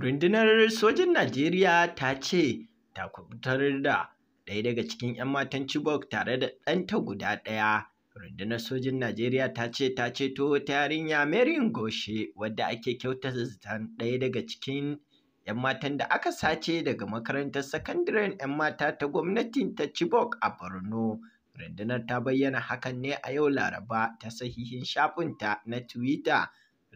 Rundunar Sojin Najeriya ta ce ta kubutar da ɗaya daga cikin 'yan matan Chibok tare da ɗanta guda ɗaya. Rundunar Sojin Najeriya ta ce ta ceto ta yarinya Marion Goshe wadda ake kyautata zaton ɗaya daga cikin 'yan matan da aka sace daga makarantar Sakandiren 'yan mata ta gwamnatin ta Chibok a Borno. Rundunar ta bayyana hakan ne a yau Laraba ta sahihin shafinta na Twitter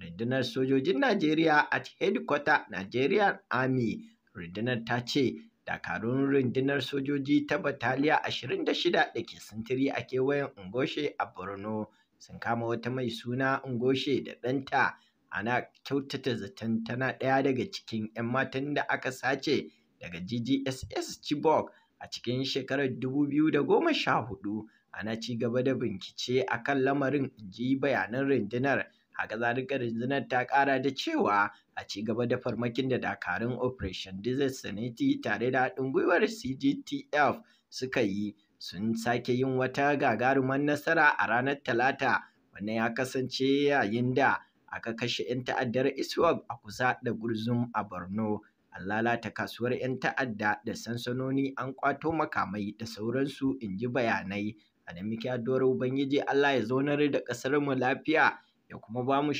rundunar sojojin Najeriya at headquarter Nigerian Army rundunar ta ce dakarun rundunar sojoji ta bataliya 26 da ke sintiri a kewayen Ngoshe a Borno sun kama wata mai suna Ngoshe da ɗanta ana kyautata zaton tana ɗaya daga cikin 'yan matan da aka sace daga GGSS Chibok a cikin shekarar 2014 ana ci gaba da bincike akan lamarin ji bayanan rundunar haka zalika rundunar ta ƙara da cewa a ci gaba da farmakin da dakarun operation desert sanity tare da haɗin gwiwar cgtf suka yi sun sake yin wata gagarumar nasara a ranar talata wanda ya kasance yayin da aka kashe 'yan ta'addar iswap a kusa da gurzum a borno an lalata kasuwar 'yan ta'adda da sansanoni an kwato makamai da sauransu in ji bayanai a da muke addu'ar ubangiji allah ya zaunar da mu lafiya da kuma ba mu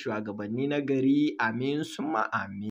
na gari amin ma amin